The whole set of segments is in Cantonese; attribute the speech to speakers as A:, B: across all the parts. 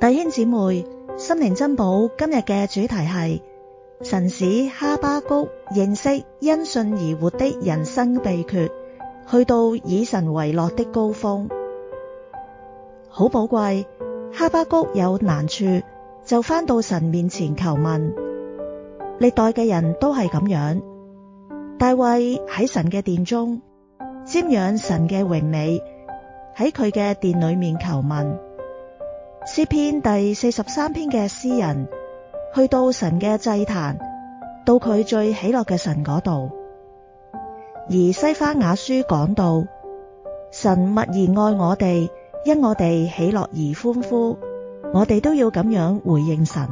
A: 弟兄姊妹，心靈珍寶今日嘅主題係神使哈巴谷認識因信而活的人生祕訣，去到以神為樂的高峰。好寶貴，哈巴谷有難處就返到神面前求問，歷代嘅人都係咁樣。大衛喺神嘅殿中瞻仰神嘅榮美，喺佢嘅殿裏面求問。詩篇第四十三篇嘅詩人去到神嘅祭壇，到佢最喜樂嘅神嗰度。而西番雅書講到神默然愛我哋，因我哋喜樂而歡呼，我哋都要咁樣回應神。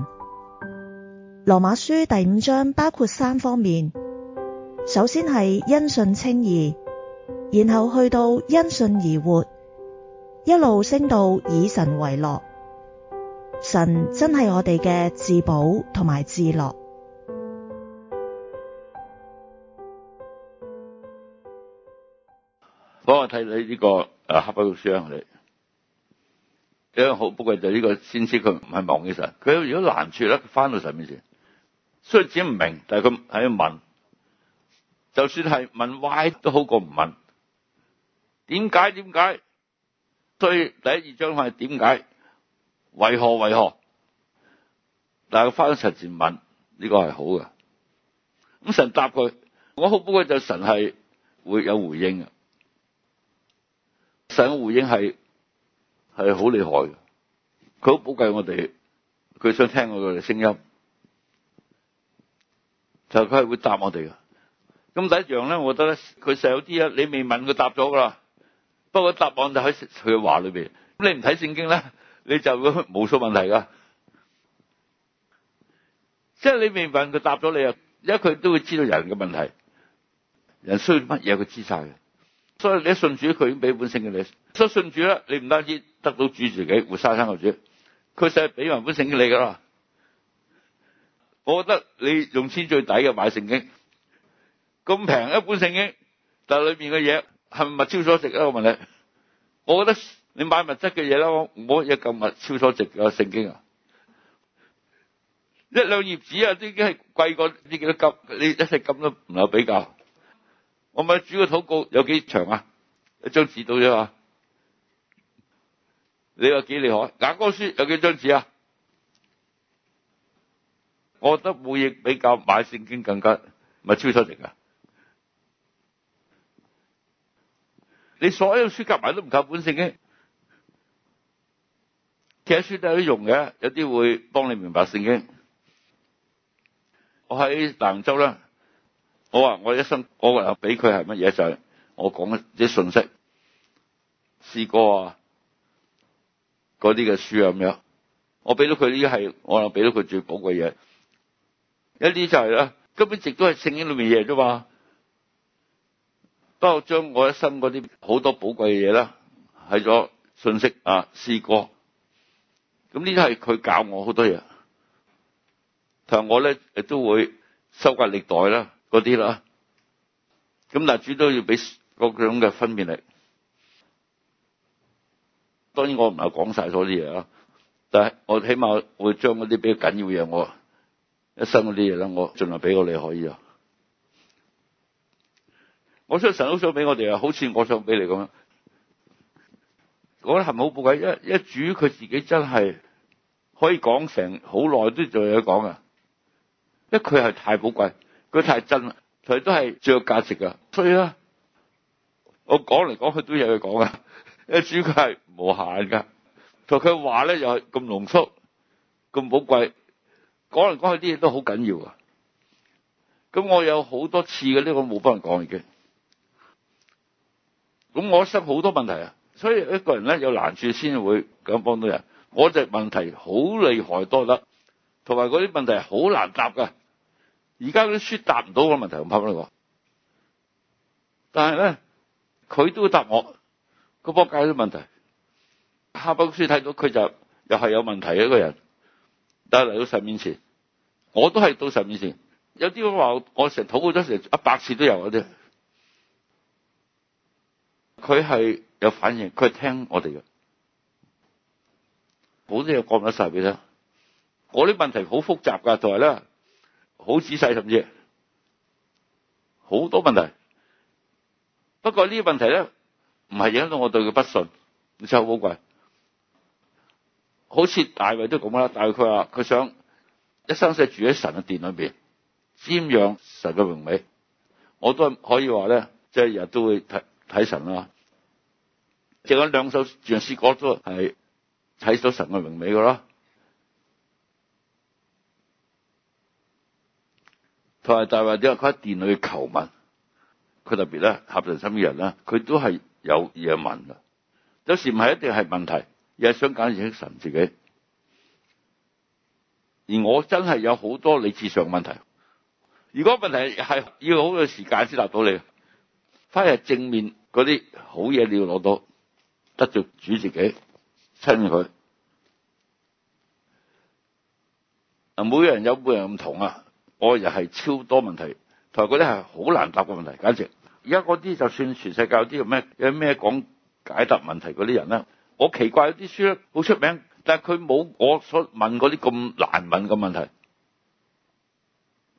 A: 羅馬書第五章包括三方面，首先係因信稱義，然後去到因信而活，一路升到以神為樂。神真係我哋嘅自保同埋自樂。
B: 幫我睇你呢個誒哈巴谷書，你點樣好？不過就呢個先知佢唔係望嘅神。佢如果難處咧，翻到上面先。雖然自己唔明，但係佢喺度問，就算係問 why 都好過唔問。點解？點解？所以第一二章係點解？為何為何？但係翻神前問呢個係好嘅。咁神答佢：我好寶貴就神係會有回應嘅。神嘅回應係係好厲害嘅。佢好寶貴我哋，佢想聽我哋嘅聲音，就佢係會答我哋嘅。咁第一樣咧，我覺得咧，佢細有啲啊，你未問佢答咗噶啦。不過答案就喺佢話裏邊。咁你唔睇聖經咧？你就會冇數問題㗎，即係你問問佢答咗你啊，因為佢都會知道人嘅問題，人需要乜嘢，佢知曬嘅，所以你信主，佢已經俾本聖經你，所以信主咧，你唔單止得到主自己，活生生嘅主，佢就係俾人本聖經你㗎啦。我覺得你用錢最抵嘅買聖經，咁平一本聖經，但裏面嘅嘢係唔係超所值啊？我問你，我覺得。你買物質嘅嘢啦，唔好嘢物超所值啊！聖經啊，一兩頁紙啊，都已經係貴過呢幾多金，你一疊金都唔夠比較。我咪主嘅禱告有幾長啊？一張紙到咗啊？你話幾厲害？眼光書有幾張紙啊？我覺得冇嘢比較買聖經更加物超所值噶。你所有書夾埋都唔夠本聖經。其實書都有用嘅，有啲會幫你明白聖經。我喺蘭州咧，我話我一生，我又俾佢係乜嘢？就係、是、我講啲信息、詩歌啊，嗰啲嘅書咁樣。我俾到佢呢啲係，我又俾到佢最寶貴嘢。一啲就係、是、咧，根本直都係聖經裏面嘢啫嘛。不過將我一生嗰啲好多寶貴嘢咧，係咗信息啊、詩歌。咁呢啲係佢教我好多嘢，同我咧亦都會收割歷代啦，嗰啲啦。咁但主都要俾各種嘅分辨力。當然我唔係講曬所有嘢啦，但係我起碼會將嗰啲比較緊要嘅嘢，我一生嗰啲嘢啦，我盡量俾過你可以啊。我想神都想俾我哋啊，好似我想俾你咁樣。我覺得係唔好寶貴，一一主佢自己真係可以講成好耐都仲有嘢講噶，因為佢係太寶貴，佢太真啦，佢都係最有價值噶。所以咧，我講嚟講去都有嘢講噶，一主佢係無限噶，同佢話咧又係咁濃縮、咁寶貴，講嚟講去啲嘢都好緊要啊。咁我有好多次嘅呢、這個冇幫人講嘅，咁我一生好多問題啊。所以一個人咧，有難處先會咁幫到人。我隻問題好厲害多得，同埋嗰啲問題好難答㗎。而家啲書答唔到個問題，唔怕我講。但係咧，佢都答我，佢幫解啲問題。下本書睇到佢就是、又係有問題嘅一個人，但係嚟到神面前，我都係到神面前。有啲話我成討好咗成一百次都有嗰啲。佢係有反應，佢聽我哋嘅，我都有講咗晒俾佢。嗰啲問題好複雜噶同埋咧好仔細，甚至好多問題。不過呢啲問題咧，唔係影響到我對佢不信，而且好寶貴。好似大衛都咁啦，但係佢話佢想一生世住喺神嘅殿裏邊，瞻仰神嘅榮美，我都可以話咧，即係日都會睇。睇神啦、啊，淨係兩首像詩歌都係睇到神嘅榮美嘅啦。同埋大係或者佢喺殿裡嘅求問，佢特別咧合神心的人都是有意人咧，佢都係有嘢問啊。有時唔係一定係問題，而係想揀認識神自己。而我真係有好多理智上嘅問題，如果問題係要好嘅時間先答到你。翻日正，正面嗰啲好嘢你要攞到，得着主自己親佢。啊，每個人有每個人唔同啊，我又係超多問題，同埋嗰啲係好難答嘅問題，簡直而家嗰啲就算全世界啲咩有咩講解答問題嗰啲人咧，我奇怪啲書咧好出名，但係佢冇我所問嗰啲咁難問嘅問題，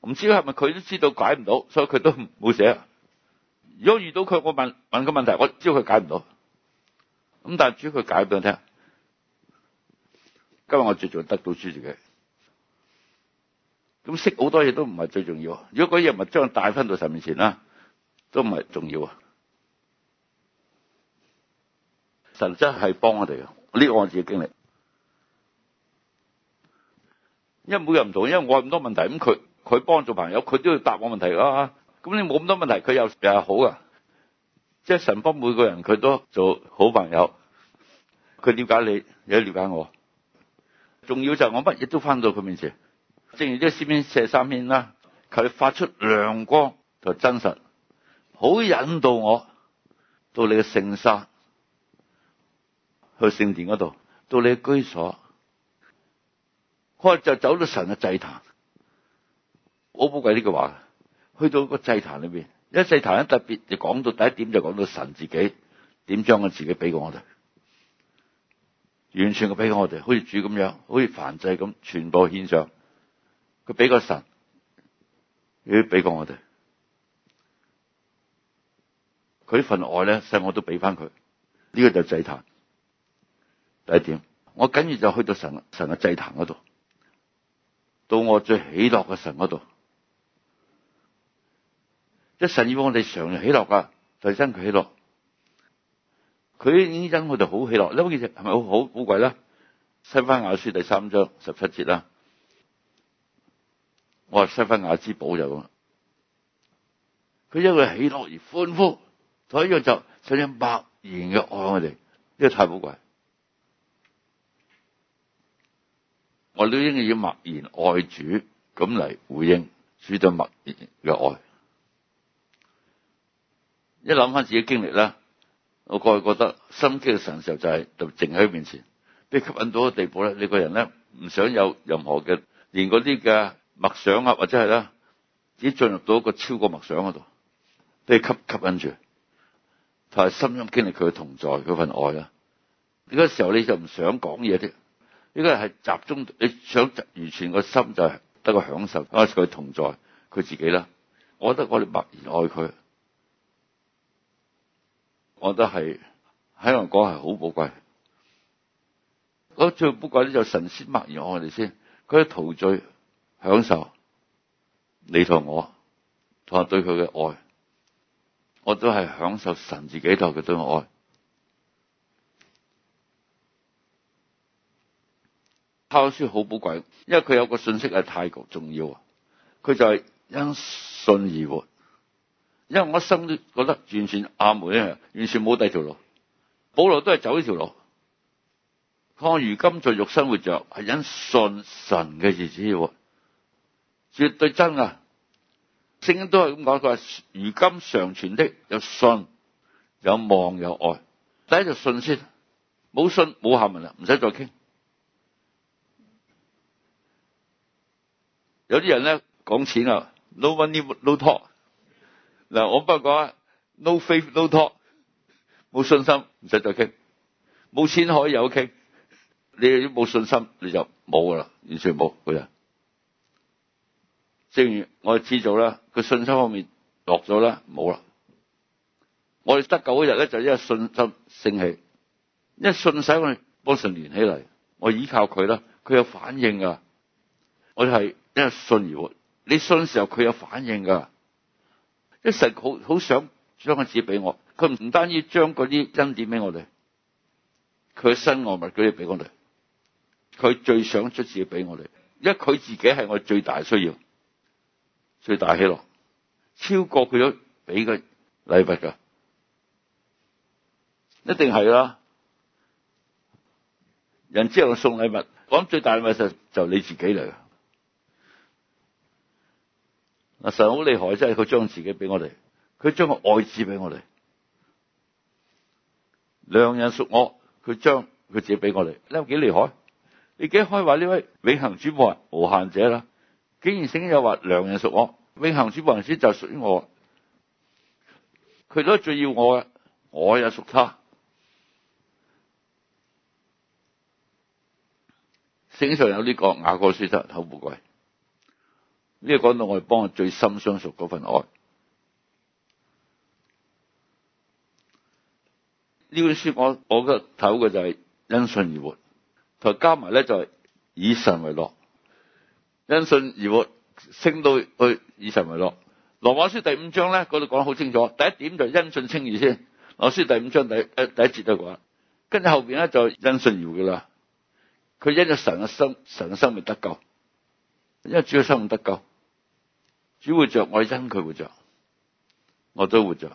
B: 唔知係咪佢都知道解唔到，所以佢都冇寫。如果遇到佢，我問問個問題，我知道佢解唔到。咁但係主要佢解俾我聽，今日我最重要得到主自己。咁識好多嘢都唔係最重要。如果嗰嘢唔係將帶翻到神面前啦，都唔係重要啊！實際係幫我哋嘅，呢個我自己的經歷。因為每個人唔同，因為我咁多問題，咁佢佢幫助朋友，佢都要答我問題啦。咁你冇咁多問題，佢又又係好噶，即係神幫每個人佢都做好朋友，佢了解你，你都了解我。重要就我乜嘢都翻到佢面前，正如啲詩篇四三篇啦，佢發出亮光，就真實，好引導我到你嘅聖山，去聖殿嗰度，到你嘅居所，佢就走到神嘅祭壇。我好寶貴呢句話。去到個祭壇裏邊，因為祭壇一特別就講到第一點，就講到神自己點將佢自己俾過我哋，完全個俾過我哋，好似主咁樣，好似燔祭咁全部獻上，佢俾個神，咦俾過我哋，佢份愛咧，細我都俾翻佢，呢個就祭壇第一點，我跟住就去到神神嘅祭壇嗰度，到我最喜樂嘅神嗰度。一神要幫我哋常日喜樂噶，隨身佢喜樂，佢已醫生我哋好喜樂，你好見就係咪好好寶貴啦？西番雅書第三章十七節啦，我話西番雅之寶就咁，佢因為喜樂而歡呼，所以就產生默然嘅愛我哋，呢、這個太寶貴。我都應該要默然愛主，咁嚟回應主對默然嘅愛。一諗翻自己經歷啦，我過去覺得心機到神嘅時候就係就靜喺面前，被吸引到嘅地步咧，你個人咧唔想有任何嘅，連嗰啲嘅默想啊或者係啦，已進入到一個超過默想嗰度，被吸吸引住，同埋深深經歷佢嘅同在，佢份愛啦，呢個時候你就唔想講嘢啲。呢個係集中你想完全個心就係得個享受，加上佢同在佢自己啦，我覺得我哋默然愛佢。我都係喺度講係好寶貴。嗰最寶貴咧，就神先默然愛我哋先，佢陶醉享受你同我同埋對佢嘅愛，我都係享受神自己同佢對我愛。抄書好寶貴，因為佢有個信息係太過重要啊！佢就係因信而活。因為我一生都覺得完全阿門啊，完全冇第二條路。保羅都係走呢條路。看如今在肉身活着，係因信神嘅兒子喎，絕對真啊！聖經都係咁講，佢話如今常存的有信，有望有愛。第一就信先，冇信冇下文啦，唔使再傾。有啲人咧講錢啊，no money no talk。嗱，我不過講，no faith，no talk，冇信心唔使再傾，冇錢可以有傾，你冇信心你就冇噶啦，完全冇佢啊。正如我哋知道啦，佢信心方面落咗啦，冇啦。我哋得救嗰日咧，就因為信心升起，因為信使我哋幫信連起嚟，我依靠佢啦，佢有反應噶，我哋係因為信而活，你信嘅時候佢有反應噶。一係好好想將個子俾我，佢唔單止將嗰啲恩典俾我哋，佢嘅身外物佢嚟俾我哋，佢最想出子俾我哋，因為佢自己係我最大需要、最大喜樂，超過佢都俾佢禮物噶，一定係啦。人之後送禮物，講最大嘅禮物就你自己嚟。嗱，神好厲害，真係佢將自己俾我哋，佢將個愛子俾我哋。良人屬我，佢將佢自己俾我哋，你有幾厲害？你記得開話，呢位永恒主播係無限者啦，竟然醒有話良人屬我，永恒主播人先就屬於我，佢都仲要我嘅，我也屬他。醒上有呢、這個雅歌書得好寶貴。呢、這個講到我哋幫我最深相熟嗰份愛，呢本書我我嘅頭嘅就係、是、因信而活，同埋加埋咧就係、是、以神為樂，因信而活升到去以神為樂。羅馬書第五章咧嗰度講得好清楚，第一點就因、是、信稱義先。羅馬書第五章第第一節就講跟住後邊咧就因、是、信而活噶啦。佢因着神嘅心，神嘅心未得救，因為主嘅生命得救。主活著，我因佢活著，我都活著。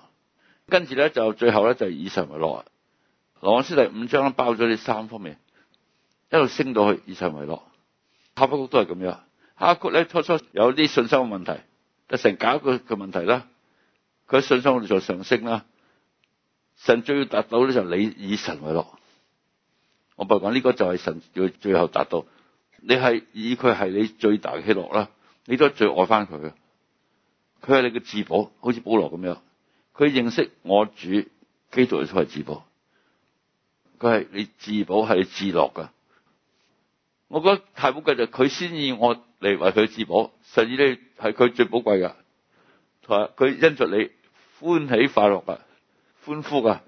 B: 跟住咧就最後咧就是、以神為樂。羅馬書第五章包咗呢三方面，一路升到去以神為樂。哈巴谷都係咁樣，哈巴谷咧初初有啲信心嘅問題，就成搞佢嘅問題啦。佢喺信心度就上升啦。神最要達到咧就你以神為樂。我唔係講呢個就係神要最後達到，你係以佢係你最大嘅喜樂啦，你都最愛翻佢。佢係你嘅至寶，好似保羅咁樣，佢認識我主基督就作為至寶。佢係你至寶係至樂噶。我覺得太寶貴就佢先以我嚟為佢至寶，甚至咧係佢最寶貴噶。佢因着你歡喜快樂噶，歡呼噶。